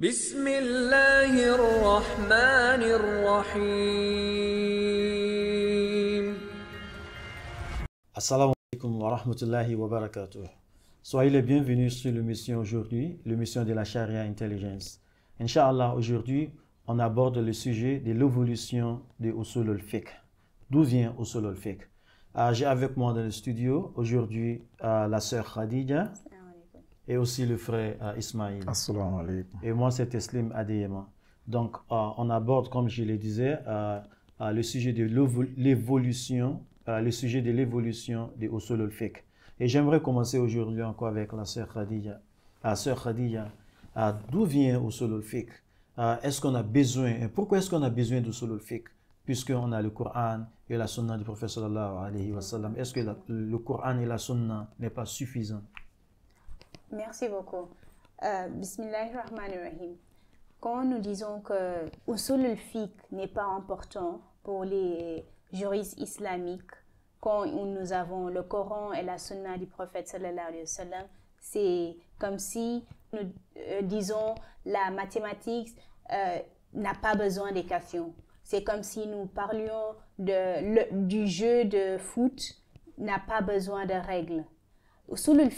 بسم الله الرحمن الرحيم السلام wa Soyez les bienvenus sur l'émission mission aujourd'hui, l'émission mission de la charia intelligence. Inch'Allah, aujourd'hui, on aborde le sujet de l'évolution de Usul al D'où vient Usul al ah, J'ai avec moi dans le studio aujourd'hui euh, la sœur Khadija et aussi le frère euh, Ismail. Et moi, c'est Teslim Adeyema. Donc, euh, on aborde, comme je le disais, euh, euh, le sujet de l'évolution, le sujet de l'évolution des usul Et j'aimerais commencer aujourd'hui encore avec la sœur Khadija. sœur Khadija, d'où vient usul Est-ce qu'on a besoin, pourquoi est-ce qu'on a besoin d'usul al puisqu'on a le Coran et la Sunna du prophète sallallahu alayhi wa sallam. Est-ce que le Coran et la Sunna n'est pas suffisant Merci beaucoup. Euh, bismillahirrahmanirrahim. Quand nous disons que usul al-fiqh n'est pas important pour les juristes islamiques, quand nous avons le Coran et la sunna du prophète sallallahu alayhi wa sallam, c'est comme si nous disions euh, disons la mathématique euh, n'a pas besoin d'équation. C'est comme si nous parlions de, du jeu de foot n'a pas besoin de règles. Usulul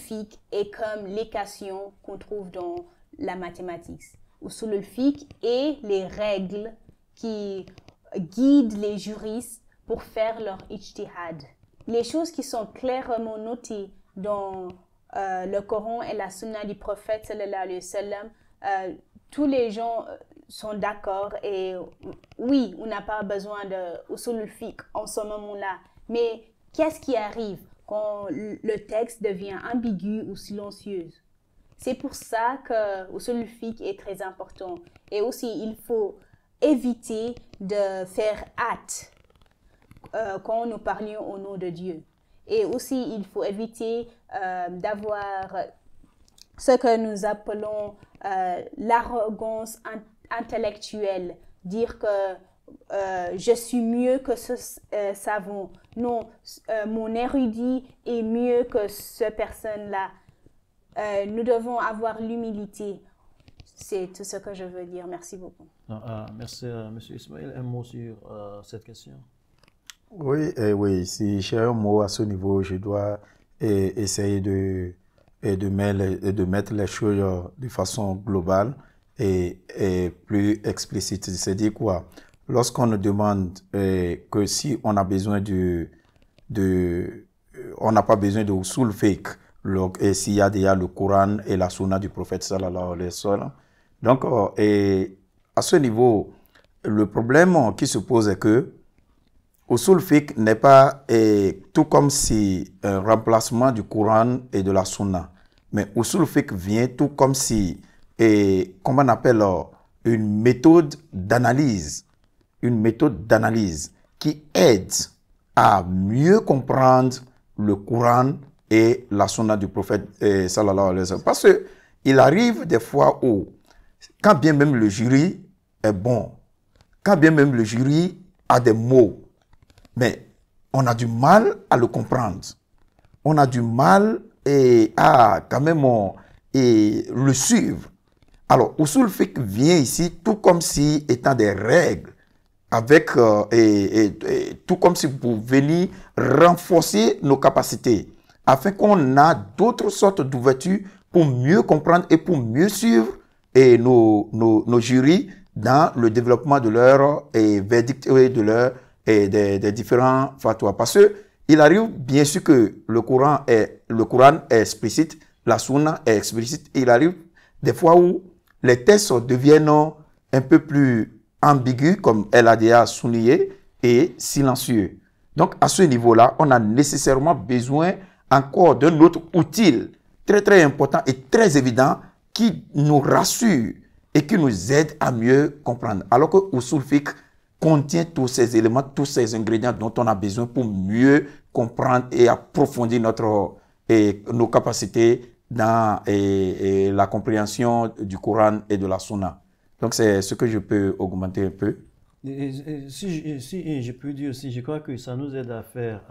est comme l'équation qu'on trouve dans la mathématique. Ou fiqh est les règles qui guident les juristes pour faire leur ijtihad. Les choses qui sont clairement notées dans euh, le Coran et la sunna du prophète euh, tous les gens euh, sont d'accord et oui, on n'a pas besoin de en ce moment-là. Mais qu'est-ce qui arrive le texte devient ambigu ou silencieuse. C'est pour ça que solifique est très important. Et aussi, il faut éviter de faire hâte euh, quand nous parlions au nom de Dieu. Et aussi, il faut éviter euh, d'avoir ce que nous appelons euh, l'arrogance intellectuelle, dire que euh, je suis mieux que ce euh, savon. Non, euh, mon érudit est mieux que ce personne-là. Euh, nous devons avoir l'humilité. C'est tout ce que je veux dire. Merci beaucoup. Ah, ah, merci, M. Ismail. Un mot sur cette question. Oui, eh oui, si j'ai un mot à ce niveau, je dois eh, essayer de, eh, de, mettre, de, mettre, les choses de façon globale et, et plus explicite. C'est-à-dire quoi lorsqu'on nous demande euh, que si on a besoin de, de euh, on n'a pas besoin de sulfik et s'il y a déjà le Coran et la Sunna du prophète sallallahu alayhi wa Donc, euh, et à ce niveau, le problème qui se pose est que Usul n'est pas tout comme si un remplacement du Coran et de la Sunna. Mais Usul vient tout comme si, et comment on appelle, une méthode d'analyse une méthode d'analyse qui aide à mieux comprendre le Coran et la sunna du prophète euh, alayhi Parce qu'il arrive des fois où, quand bien même le jury est bon, quand bien même le jury a des mots, mais on a du mal à le comprendre. On a du mal et à quand même le suivre. Alors, Usul vient ici tout comme si étant des règles avec, euh, et, tout comme si vous veniez renforcer nos capacités afin qu'on a d'autres sortes d'ouvertures pour mieux comprendre et pour mieux suivre et nos, nos, nos jurys dans le développement de leur et verdict de leur et des, différents fatwas. Parce que il arrive bien sûr que le courant est le Coran est explicite, la Sunna est explicite. Il arrive des fois où les tests deviennent un peu plus ambigu, comme elle a déjà souligné, et silencieux. Donc, à ce niveau-là, on a nécessairement besoin encore d'un autre outil très, très important et très évident qui nous rassure et qui nous aide à mieux comprendre. Alors que au contient tous ces éléments, tous ces ingrédients dont on a besoin pour mieux comprendre et approfondir notre, et nos capacités dans la compréhension du Coran et de la Sunna. Donc c'est ce que je peux augmenter un peu. si, si je peux dire aussi, je crois que ça nous aide à faire,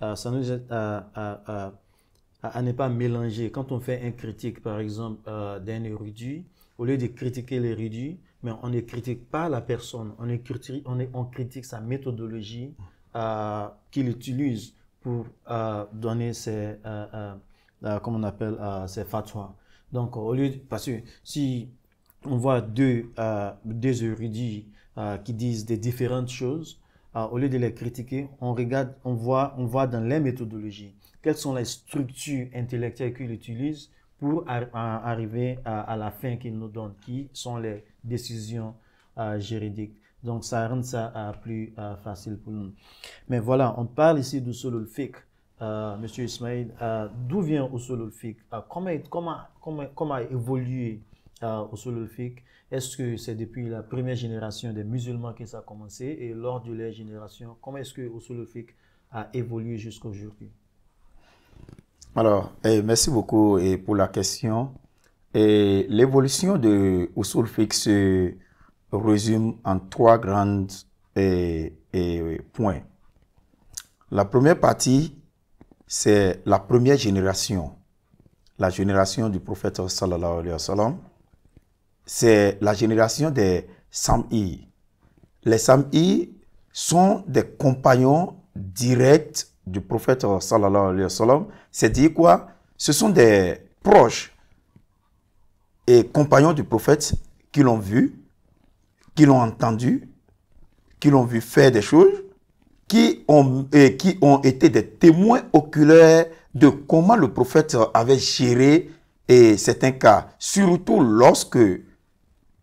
à, ça nous aide à, à, ne pas mélanger. Quand on fait un critique, par exemple, euh, d'un érudit, au lieu de critiquer l'érudit, mais on ne critique pas la personne, on, critique, on, est, critique sa méthodologie euh, qu'il utilise pour euh, donner ses, euh, comment on appelle, ses fatwas. Donc, au lieu parce que si on voit deux, euh, deux érudits euh, qui disent des différentes choses. Euh, au lieu de les critiquer, on regarde, on voit, on voit dans les méthodologies quelles sont les structures intellectuelles qu'ils utilisent pour euh, arriver à, la fin qu'ils nous donnent, qui sont les décisions juridiques. Donc, ça rend ça plus facile pour nous. Mais voilà, on parle ici du solul Monsieur Ismail, d'où vient le al comment, comment, comment, comment a évolué à Usul Est-ce que c'est depuis la première génération des musulmans que ça a commencé et lors de leur génération, comment est-ce que Usul a évolué jusqu'à aujourd'hui Alors, eh, merci beaucoup eh, pour la question. Et eh, l'évolution de Usul se résume en trois grands points. La première partie, c'est la première génération, la génération du prophète sallallahu alayhi wa sallam, c'est la génération des Sam'i. Les Sam'i sont des compagnons directs du prophète sallallahu alayhi C'est dire quoi Ce sont des proches et compagnons du prophète qui l'ont vu, qui l'ont entendu, qui l'ont vu faire des choses, qui ont, et qui ont été des témoins oculaires de comment le prophète avait géré et certains cas, surtout lorsque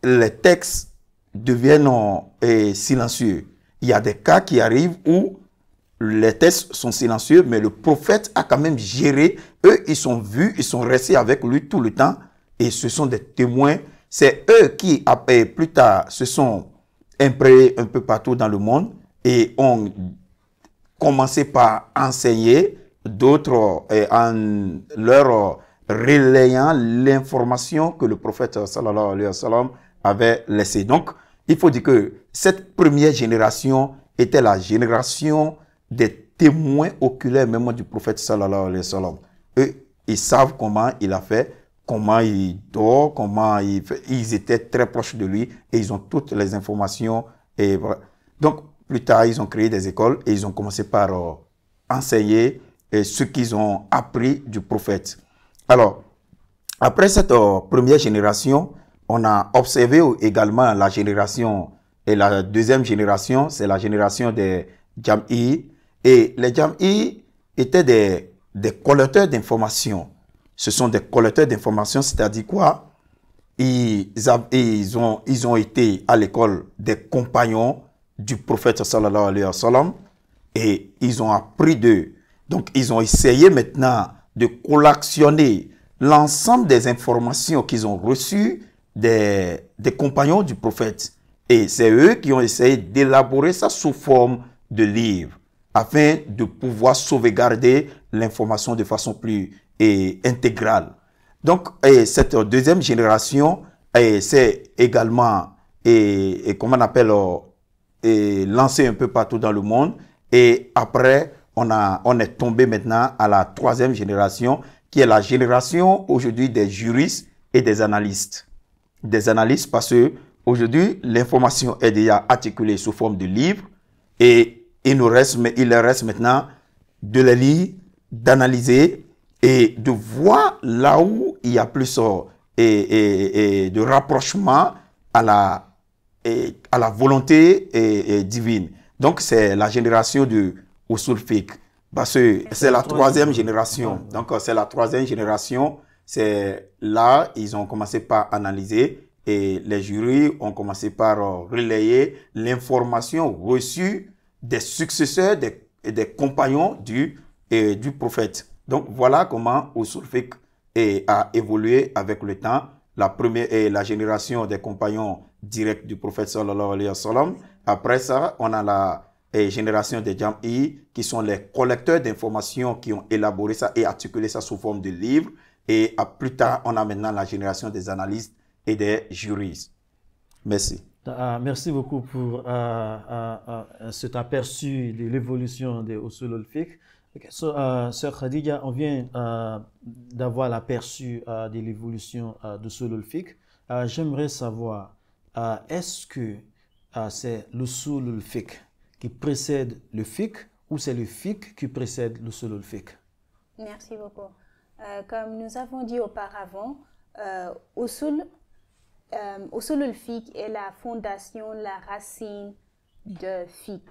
les textes deviennent euh, euh, silencieux. Il y a des cas qui arrivent où les textes sont silencieux, mais le prophète a quand même géré. Eux, ils sont vus, ils sont restés avec lui tout le temps. Et ce sont des témoins. C'est eux qui, après, euh, plus tard, se sont imprégnés un peu partout dans le monde et ont commencé par enseigner d'autres en leur relayant l'information que le prophète sallallahu alayhi wa sallam, avait laissé. Donc, il faut dire que cette première génération était la génération des témoins oculaires même du prophète sallallahu alayhi wa sallam. Eux, ils savent comment il a fait, comment il dort, comment Ils étaient très proches de lui et ils ont toutes les informations. Et Donc, plus tard, ils ont créé des écoles et ils ont commencé par euh, enseigner euh, ce qu'ils ont appris du prophète. Alors, après cette euh, première génération, on a observé également la génération, et la deuxième génération, c'est la génération des Jam'i. Et les Jam'i étaient des, des collecteurs d'informations. Ce sont des collecteurs d'informations, c'est-à-dire quoi ils, ils, ont, ils ont été à l'école des compagnons du prophète sallallahu alayhi wa sallam et ils ont appris d'eux. Donc ils ont essayé maintenant de collectionner l'ensemble des informations qu'ils ont reçues des, des compagnons du prophète. Et c'est eux qui ont essayé d'élaborer ça sous forme de livre, afin de pouvoir sauvegarder l'information de façon plus intégrale. Donc, cette deuxième génération, c'est également, et, comment on appelle, euh, lancé un peu partout dans le monde. Et après, on, a, on est tombé maintenant à la troisième génération, qui est la génération aujourd'hui des juristes et des analystes des analyses parce que aujourd'hui, l'information est déjà articulée sous forme de livre et il nous reste, mais il reste maintenant de les lire, d'analyser et de voir là où il y a plus et, de rapprochement à la, et, à la volonté divine. Donc, c'est la génération de Ousulfik. Parce que c'est la troisième génération. Donc, c'est la troisième génération c'est là, ils ont commencé par analyser et les jurys ont commencé par euh, relayer l'information reçue des successeurs des, et des compagnons du, du prophète. Donc voilà comment Usulfik a évolué avec le temps. La première est la génération des compagnons directs du prophète sallallahu alayhi wa sallam. Après ça, on a la génération des Jam'i qui sont les collecteurs d'informations qui ont élaboré ça et articulé ça sous forme de livres. Et à plus tard, on a maintenant la génération des analystes et des juristes. Merci. Ah, ah, merci beaucoup pour ah, cet aperçu de l'évolution de usul Sœur Khadija, on vient d'avoir l'aperçu de l'évolution de usul J'aimerais savoir, est-ce que c'est l'usul qui précède le FIC ou c'est le FIC qui précède le Merci beaucoup. Euh, comme nous avons dit auparavant, euh, Usul, euh, Usul est la fondation, la racine de Fik.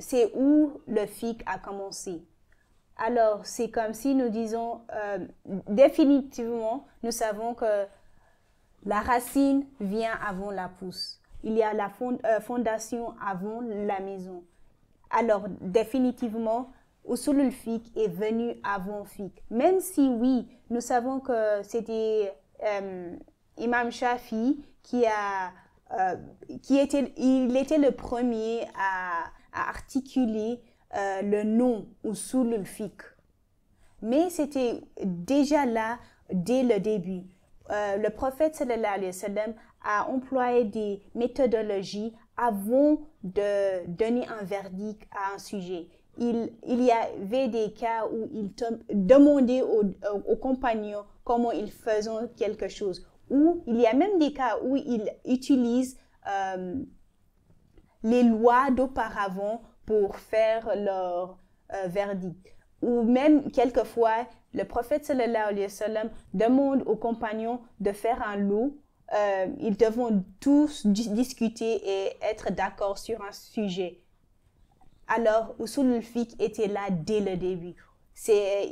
C'est où le Fik a commencé. Alors, c'est comme si nous disons euh, définitivement, nous savons que la racine vient avant la pousse. Il y a la euh, fondation avant la maison. Alors, définitivement, Usulul Fiqh est venu avant Fiqh. Même si, oui, nous savons que c'était euh, Imam Shafi qui a... Euh, qui était, il était le premier à, articuler euh, le nom Usulul Fiqh. Mais c'était déjà là dès le début. le prophète sallallahu alayhi wa sallam a employé des méthodologies avant de donner un verdict à un sujet il, y avait des cas où ils demandaient aux, compagnons comment ils faisaient quelque chose. Ou il y a même des cas où ils utilisent euh, les lois d'auparavant pour faire leur euh, verdict. Ou même quelquefois, le prophète sallallahu alayhi wa sallam demande aux compagnons de faire un lot. Euh, ils devront tous discuter et être d'accord sur un sujet. Alors, Usul fiqh était là dès le début. C'est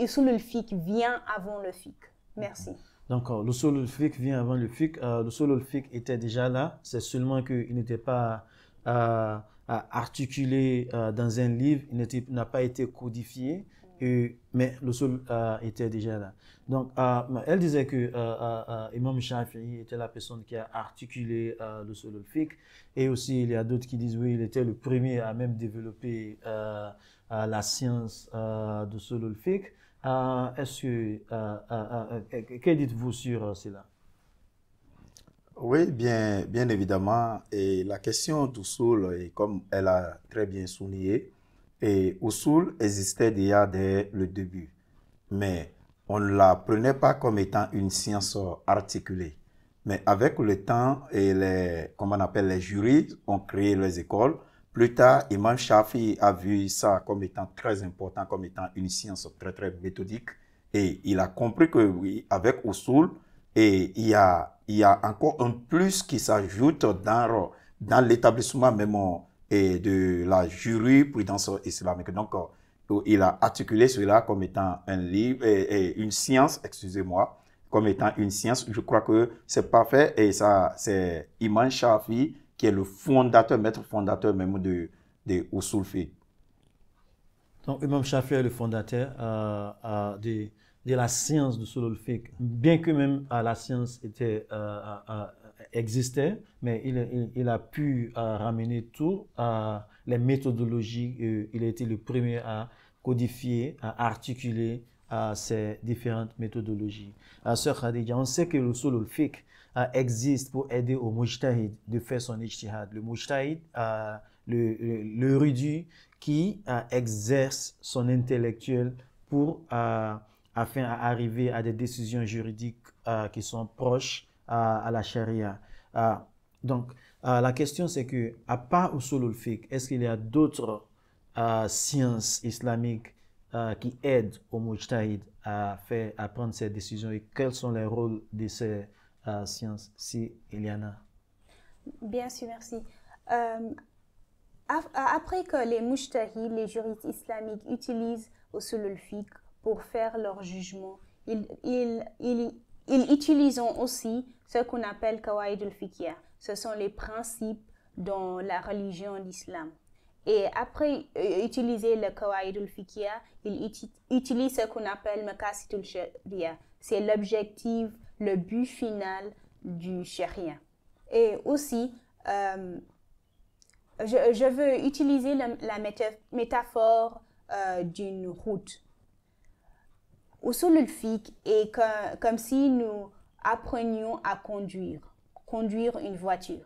Usul vient avant le fic. Merci. Donc, euh, al vient avant le fic Euh, était déjà là. C'est seulement qu'il n'était pas euh, articulé euh, dans un livre. Il n'a pas été codifié mais le sol euh, était déjà là. Donc, euh, elle disait que euh, Imam Shafi'i était la personne qui a articulé le sol ulfique. Et aussi, il y a d'autres qui disent, oui, il était le premier à même développer la science de sol ulfique. Est-ce que, que dites-vous sur cela Oui, bien, bien évidemment. Et la question du sol, comme elle a très bien souligné, et Usul existait déjà dès le début, mais on ne la prenait pas comme étant une science articulée. Mais avec le temps et les, comment on appelle, les jurys ont créé les écoles. Plus tard, Imam Shafi a vu ça comme étant très important, comme étant une science très, très méthodique. Et il a compris que oui, avec Usul, et il y a, il y a encore un plus qui s'ajoute dans, dans l'établissement même et de la jurisprudence islamique. Donc, euh, il a articulé cela comme étant un livre et, une science, excusez-moi, comme étant une science. Je crois que c'est parfait et ça, c'est Imam Shafi qui est le fondateur, maître fondateur même de, de Usul Donc, Imam Shafi est le fondateur euh, euh, de, de, la science de Usul bien que même la science était existait, mais il, a pu euh, ramener tout, euh, les méthodologies. Euh, il a été le premier à codifier, à articuler ces différentes méthodologies. on sait que le solul existe pour aider au mujtahid de faire son ijtihad. Le mujtahid, le, le, rudu qui exerce son intellectuel pour afin d'arriver à des décisions juridiques qui sont proches à la charia. Euh, donc, euh, la question c'est que, à part usul fiqh, est-ce qu'il y a d'autres euh, sciences islamiques qui aident au mujtahid à, faire, à prendre ces décisions et quels sont les rôles de ces sciences, s'il si y en a Bien sûr, merci. après que les mujtahid, les juristes islamiques, utilisent au fiqh pour faire leur jugement, il y ils, ils utilisent aussi ce qu'on appelle Kawaid al Ce sont les principes dans la religion d'islam. Et après euh, utiliser le Kawaid al ils utilisent ce qu'on appelle Makasit al-Sharia. C'est l'objectif, le but final du Sharia. Et aussi, euh, je, veux utiliser la, métaphore euh, d'une route. Usul ulfique est comme si nous apprenions à conduire, conduire une voiture.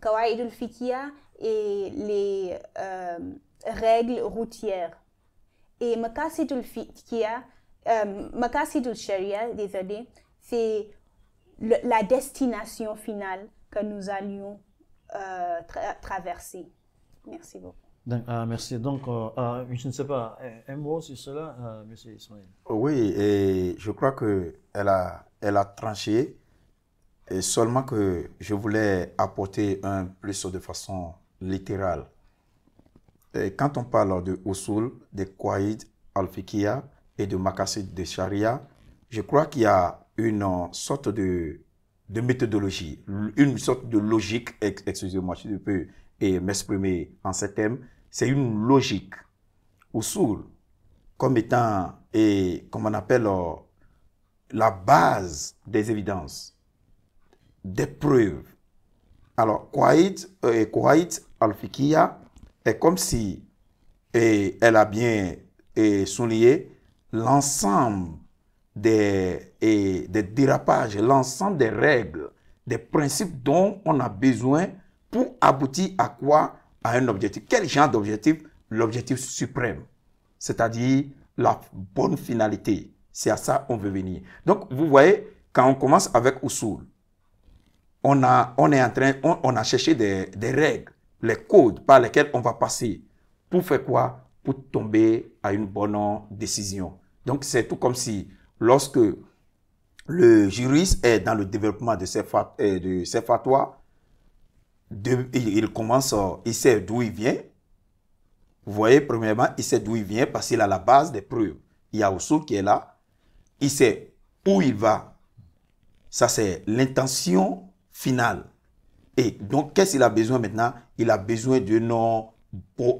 Kawaid est les euh, règles routières. Et makasid ulfikia, euh, makasid désolé, c'est la destination finale que nous allions euh, traverser. Merci beaucoup. Donc, ah, merci. Donc, euh, ah, je ne sais pas, un mot sur cela, euh, Monsieur Ismaël. Oui, et je crois qu'elle a, elle a tranché. Et seulement que je voulais apporter un plus de façon littérale. quand on parle de Usul, de Kouaïd, Al-Fikia et de Makassid de Sharia, je crois qu'il y a une sorte de, de méthodologie, une sorte de logique, excusez-moi si je peux m'exprimer en ces thème, c'est une logique. Usul, comme étant, et, comme on appelle euh, la base des évidences, des preuves. Alors, et al fikia est comme si elle a bien souligné l'ensemble des, des dérapages, l'ensemble des règles, des principes dont on a besoin pour aboutir à quoi à un objectif. Quel genre d'objectif L'objectif suprême, c'est-à-dire la bonne finalité. C'est à ça qu'on veut venir. Donc, vous voyez, quand on commence avec Usul, on, a, on est en train, on, a cherché des, règles, les codes par lesquels on va passer. Pour faire quoi Pour tomber à une bonne décision. Donc, c'est tout comme si, lorsque le juriste est dans le développement de ses, euh, de ses fatwas, il commence, euh, il sait d'où il vient. Vous voyez, premièrement, il sait d'où il vient parce qu'il a la base des preuves. Il y a sous qui est là. Il sait où il va. Ça, c'est l'intention finale. Et donc, qu'est-ce qu'il a besoin maintenant Il a besoin euh, euh,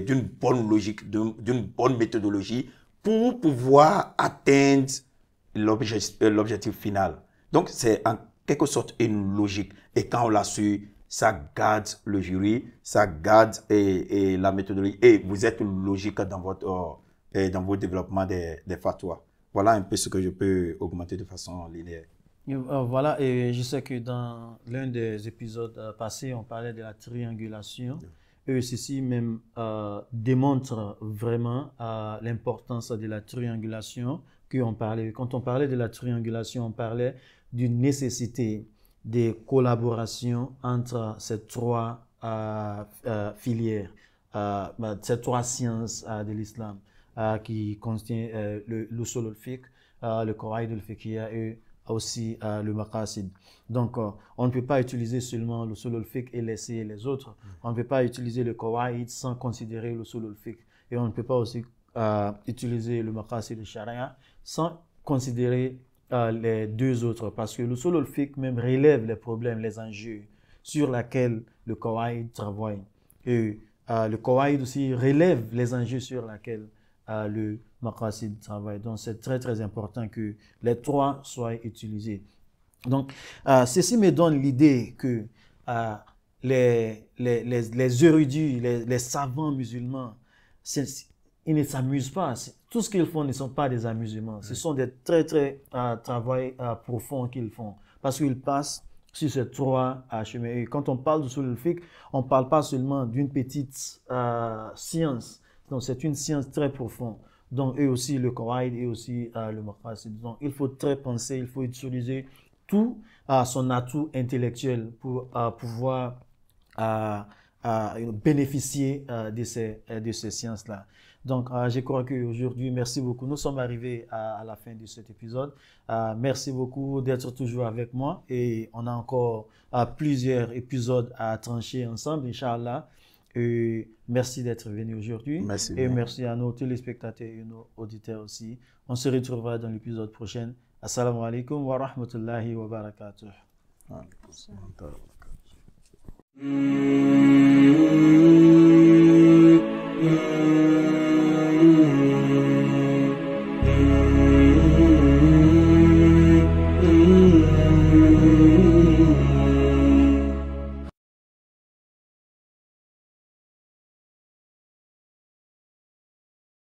d'une bonne logique, d'une bonne méthodologie pour pouvoir atteindre l'objectif final. Donc, c'est en quelque sorte une logique. Et quand on l'a su, ça garde le jury, ça garde et, la méthodologie. Et vous êtes logique dans votre, euh, dans votre développement des, fatwas. Voilà un peu ce que je peux augmenter de façon linéaire. Euh, voilà, et je sais que dans l'un des épisodes euh, passés, on parlait de la triangulation. Et ceci même démontre vraiment l'importance de la triangulation que on parlait. Quand on parlait de la triangulation, on parlait d'une nécessité des collaborations entre ces trois euh, euh, filières, euh, bah, ces trois sciences de l'islam qui contiennent le l'usul le corail et aussi le maqasid. Donc, on ne peut pas utiliser seulement le al et laisser les autres. Mm. On ne peut pas utiliser le kawaid sans considérer le al Et on ne peut pas aussi utiliser le maqasid le sharia sans considérer euh, les deux autres parce que le sololfique même relève les problèmes, les enjeux sur lesquels le kawaïd travaille. Et euh, le kawaïd aussi relève les enjeux sur lesquels euh, le maqasid travaille. Donc c'est très très important que les trois soient utilisés. Donc ceci me donne l'idée que les, les, les, érudits, les, les savants musulmans, ils ne s'amusent pas tout ce qu'ils font ne sont pas des amusements. Ce sont des très, très euh, travail euh, profonds qu'ils font. Parce qu'ils passent sur ces trois euh, chemins. Et quand on parle de solidifique, on ne parle pas seulement d'une petite science. Donc, c'est une science très profonde. Donc, eux aussi, le corail et aussi le marquage. Donc, il faut très penser, il faut utiliser tout son atout intellectuel pour pouvoir bénéficier de ces, de ces sciences-là. Donc, je euh, j'ai qu'aujourd'hui aujourd'hui. Merci beaucoup. Nous sommes arrivés à, la fin de cet épisode. Euh, merci beaucoup d'être toujours avec moi. Et on a encore euh, plusieurs épisodes à trancher ensemble, Inch'Allah. merci d'être venu aujourd'hui. Merci. Et merci à nos téléspectateurs et nos auditeurs aussi. On se retrouvera dans l'épisode prochain. Assalamu alaikum wa rahmatullahi wa barakatuh.